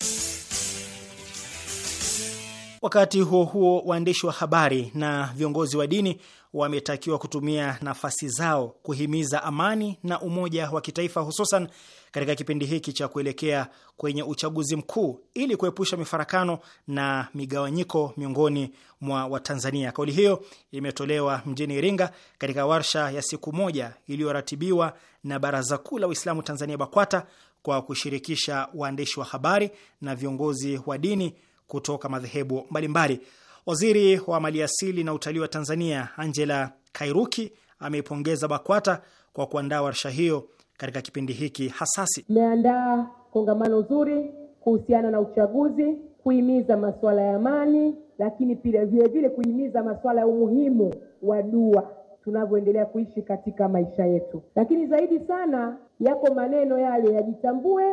Wakati huo huo, waandishi wa habari na viongozi wa dini wametakiwa kutumia nafasi zao kuhimiza amani na umoja wa kitaifa, hususan katika kipindi hiki cha kuelekea kwenye uchaguzi mkuu ili kuepusha mifarakano na migawanyiko miongoni mwa Watanzania. Kauli hiyo imetolewa mjini Iringa katika warsha ya siku moja iliyoratibiwa na Baraza Kuu la Waislamu Tanzania, BAKWATA, kwa kushirikisha waandishi wa habari na viongozi wa dini kutoka madhehebu mbalimbali mbali. Waziri wa maliasili na utalii wa Tanzania Angela Kairuki ameipongeza BAKWATA kwa kuandaa warsha hiyo katika kipindi hiki hasasi. Imeandaa kongamano zuri kuhusiana na uchaguzi, kuhimiza masuala ya amani, lakini pia vilevile kuhimiza masuala ya umuhimu wa dua tunavyoendelea kuishi katika maisha yetu, lakini zaidi sana yako maneno yale yajitambue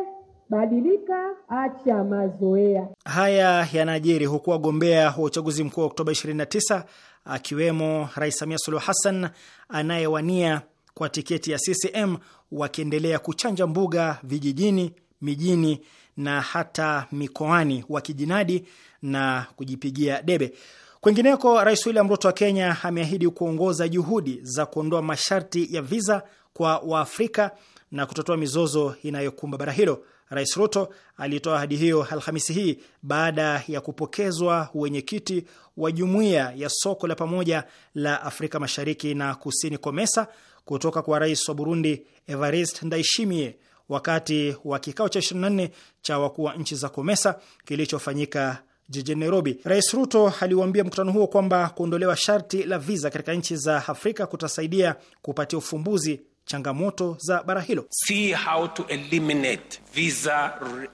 Badilika, acha mazoea haya. Yanajiri huku wagombea wa uchaguzi mkuu wa Oktoba 29 akiwemo Rais Samia Suluhu Hassan anayewania kwa tiketi ya CCM wakiendelea kuchanja mbuga vijijini, mijini na hata mikoani, wakijinadi na kujipigia debe. Kwingineko, Rais William Ruto wa Kenya ameahidi kuongoza juhudi za kuondoa masharti ya viza kwa Waafrika na kutatua mizozo inayokumba bara hilo. Rais Ruto alitoa ahadi hiyo Alhamisi hii baada ya kupokezwa wenyekiti wa jumuiya ya soko la pamoja la Afrika Mashariki na Kusini, COMESA, kutoka kwa rais wa Burundi evarist Ndaishimie wakati wa kikao cha 24 cha wakuu wa nchi za COMESA kilichofanyika jijini Nairobi. Rais Ruto aliuambia mkutano huo kwamba kuondolewa sharti la viza katika nchi za Afrika kutasaidia kupatia ufumbuzi changamoto za bara hilo. See how to eliminate visa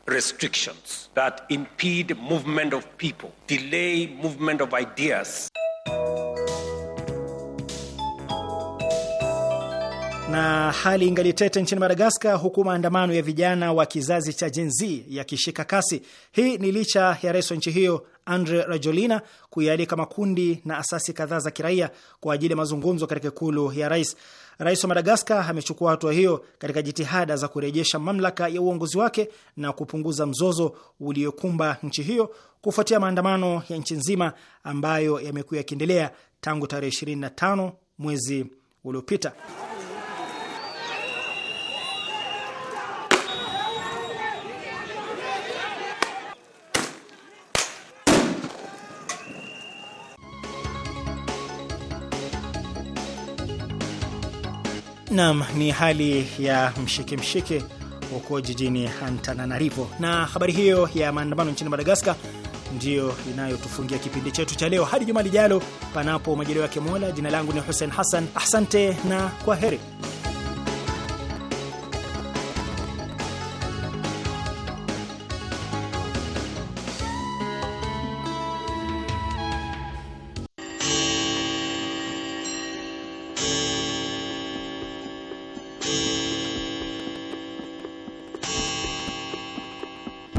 restrictions that impede movement of people, delay movement of ideas. Na hali ingalitete nchini Madagaskar, huku maandamano ya vijana wa kizazi cha Gen Z yakishika kasi. Hii ni licha ya rais wa nchi hiyo Andre Rajolina kuyaalika makundi na asasi kadhaa za kiraia kwa ajili ya mazungumzo katika ikulu ya rais. Rais wa Madagaskar amechukua hatua hiyo katika jitihada za kurejesha mamlaka ya uongozi wake na kupunguza mzozo uliokumba nchi hiyo kufuatia maandamano ya nchi nzima ambayo yamekuwa yakiendelea tangu tarehe 25 mwezi uliopita. Naam, ni hali ya mshike mshike huko jijini Antananarivo. Na habari hiyo ya maandamano nchini Madagaskar ndiyo inayotufungia kipindi chetu cha leo hadi juma lijalo, panapo majaliwa yake Mola. Jina langu ni Hussein Hassan, asante na kwa heri.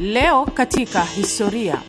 Leo katika historia.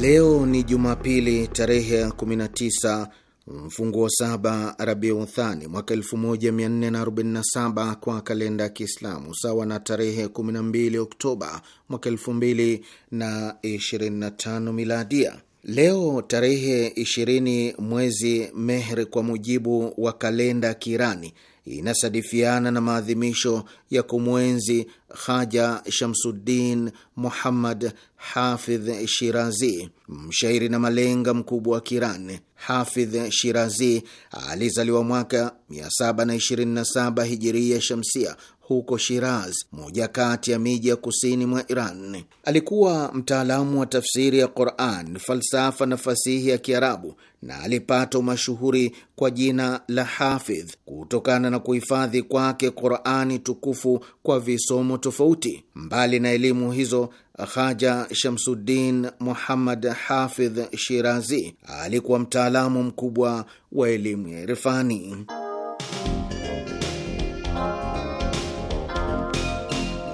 Leo ni Jumapili tarehe 19 mfunguo saba Rabiu Thani mwaka 1447 kwa kalenda ya Kiislamu, sawa na tarehe 12 Oktoba mwaka 2025 miladia. Leo tarehe 20 mwezi Mehr kwa mujibu wa kalenda Kirani inasadifiana na maadhimisho ya kumwenzi Haja Shamsuddin Muhammad Hafidh Shirazi, mshairi na malenga mkubwa wa Kiran. Hafidh Shirazi alizaliwa mwaka 727 hijiria shamsia huko Shiraz, moja kati ya miji ya kusini mwa Iran. Alikuwa mtaalamu wa tafsiri ya Quran, falsafa na fasihi ya Kiarabu na alipata umashuhuri kwa jina la Hafidh kutokana na kuhifadhi kwake Qurani tukufu kwa visomo tofauti. Mbali na elimu hizo, Haja Shamsuddin Muhammad Hafidh Shirazi alikuwa mtaalamu mkubwa wa elimu ya irfani.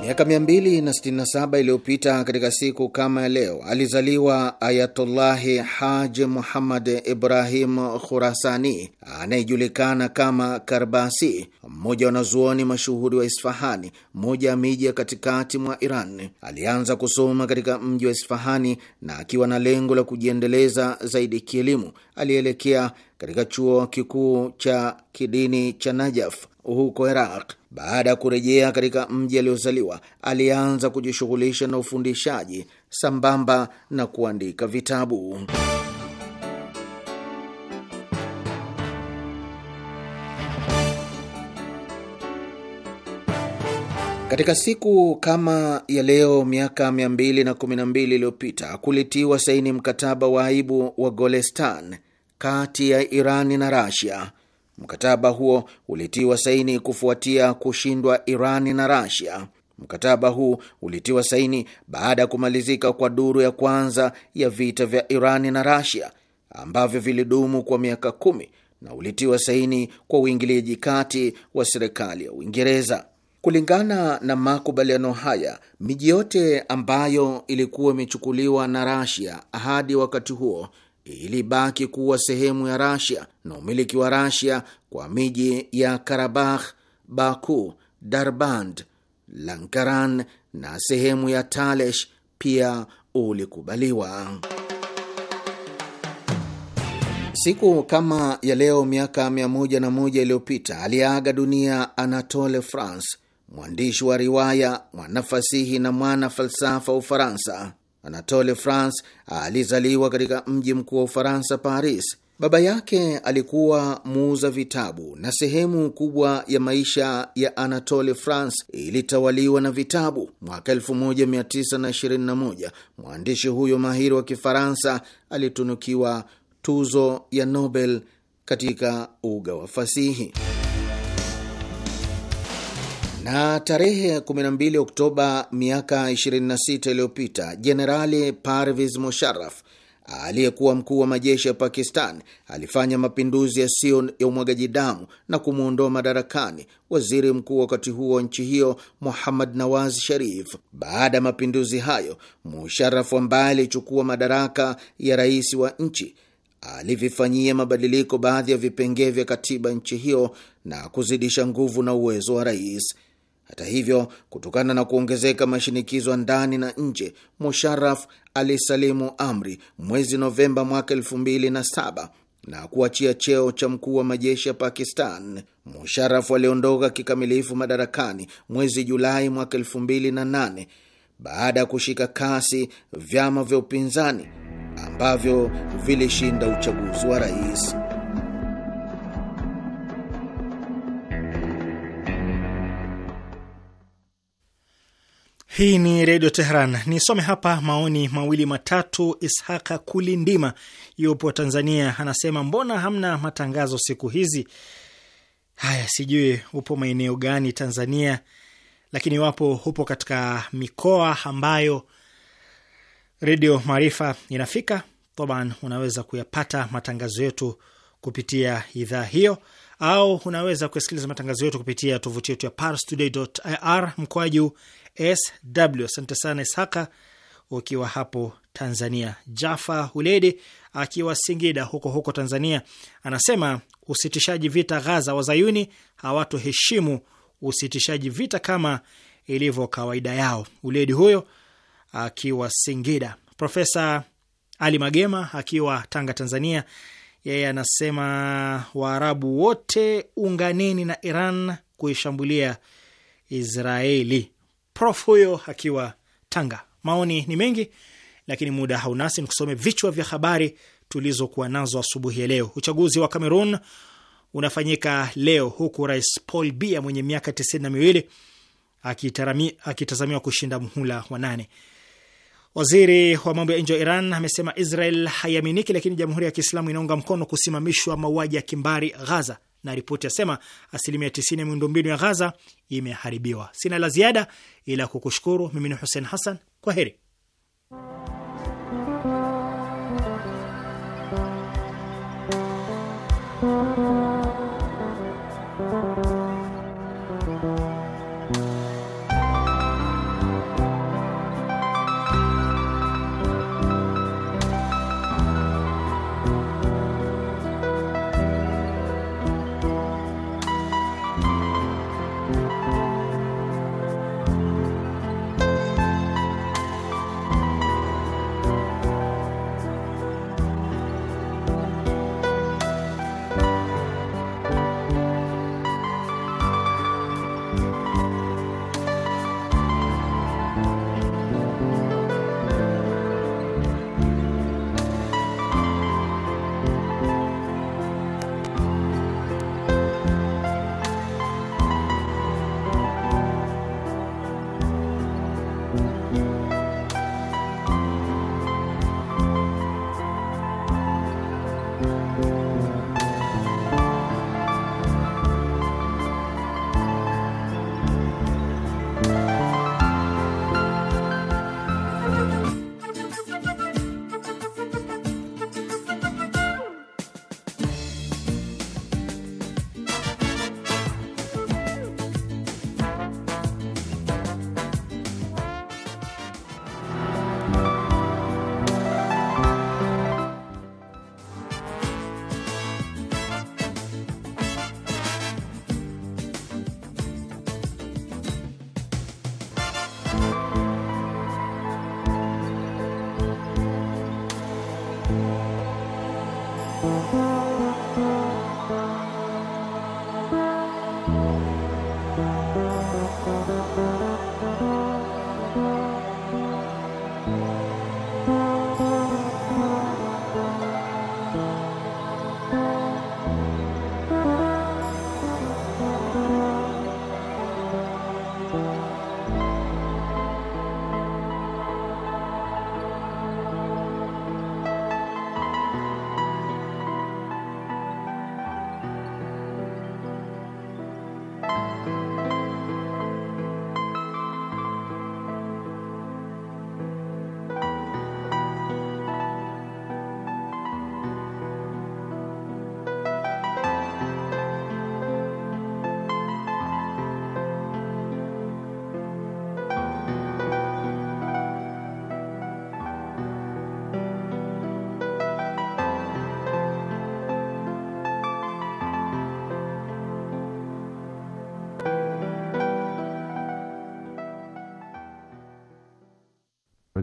Miaka 267 iliyopita katika siku kama ya leo alizaliwa Ayatullahi Haji Muhammad Ibrahim Khurasani anayejulikana kama Karbasi, mmoja wa wanazuoni mashuhuri wa Isfahani, mmoja ya miji ya katikati mwa Iran. Alianza kusoma katika mji wa Isfahani na akiwa na lengo la kujiendeleza zaidi kielimu, alielekea katika chuo kikuu cha kidini cha Najaf huko Iraq baada ya kurejea katika mji aliozaliwa, alianza kujishughulisha na ufundishaji sambamba na kuandika vitabu. Katika siku kama ya leo miaka 212 iliyopita kulitiwa saini mkataba wa aibu wa Golestan kati ya Irani na Rasia. Mkataba huo ulitiwa saini kufuatia kushindwa Irani na Rasia. Mkataba huu ulitiwa saini baada ya kumalizika kwa duru ya kwanza ya vita vya Irani na Rasia ambavyo vilidumu kwa miaka kumi na ulitiwa saini kwa uingiliaji kati wa serikali ya Uingereza. Kulingana na makubaliano haya, miji yote ambayo ilikuwa imechukuliwa na Rasia hadi wakati huo ilibaki kuwa sehemu ya Rasia na umiliki wa Rasia kwa miji ya Karabakh, Baku, Darband, Lankaran na sehemu ya Talesh pia ulikubaliwa. Siku kama ya leo miaka 101 iliyopita aliaga dunia Anatole France, mwandishi wa riwaya, mwanafasihi na mwana falsafa wa Ufaransa. Anatole France alizaliwa katika mji mkuu wa Ufaransa, Paris. Baba yake alikuwa muuza vitabu na sehemu kubwa ya maisha ya Anatole France ilitawaliwa na vitabu. Mwaka 1921 mwandishi huyo mahiri wa Kifaransa alitunukiwa tuzo ya Nobel katika uga wa fasihi. Na tarehe ya 12 Oktoba miaka 26 iliyopita, Jenerali parvis Musharraf aliyekuwa mkuu wa majeshi ya Pakistan alifanya mapinduzi yasiyo ya umwagaji damu na kumwondoa madarakani waziri mkuu wakati huo wa nchi hiyo Muhammad Nawaz Sharif. Baada ya mapinduzi hayo, Musharafu ambaye alichukua madaraka ya rais wa nchi alivifanyia mabadiliko baadhi ya vipengee vya katiba nchi hiyo na kuzidisha nguvu na uwezo wa rais. Hata hivyo, kutokana na kuongezeka mashinikizo ndani na nje, Musharaf alisalimu amri mwezi Novemba mwaka elfu mbili na saba na kuachia cheo cha mkuu wa majeshi ya Pakistan. Musharafu aliondoka kikamilifu madarakani mwezi Julai mwaka elfu mbili na nane baada ya kushika kasi vyama vya upinzani ambavyo vilishinda uchaguzi wa rais. Hii ni Redio Tehran. Nisome hapa maoni mawili matatu. Ishaka Kulindima yupo Tanzania, anasema mbona hamna matangazo siku hizi? Haya, sijui upo maeneo gani Tanzania, lakini iwapo hupo katika mikoa ambayo Redio Maarifa inafika Taban, unaweza kuyapata matangazo yetu kupitia idhaa hiyo, au unaweza kuyasikiliza matangazo yetu kupitia tovuti yetu ya parstoday.ir mkoaju sw. Asante sana Isaka ukiwa hapo Tanzania. Jafa Huledi akiwa Singida huko huko Tanzania anasema usitishaji vita Ghaza, wazayuni hawatoheshimu usitishaji vita kama ilivyo kawaida yao. Uledi huyo akiwa Singida. Profesa Ali Magema akiwa Tanga, Tanzania, yeye anasema Waarabu wote unganeni na Iran kuishambulia Israeli. Prof huyo akiwa Tanga. Maoni ni mengi, lakini muda haunasi, ni kusome vichwa vya habari tulizokuwa nazo asubuhi ya leo. Uchaguzi wa Cameroon unafanyika leo huku Rais Paul Biya mwenye miaka tisini na miwili akitazamiwa kushinda mhula wa nane. Waziri wa mambo ya nje wa Iran amesema Israel haiaminiki, lakini Jamhuri ya Kiislamu inaunga mkono kusimamishwa mauaji ya kimbari Ghaza na ripoti yasema asilimia 90 ya miundombinu ya Ghaza imeharibiwa. Sina la ziada ila kukushukuru. Mimi ni Hussein Hassan, kwa heri.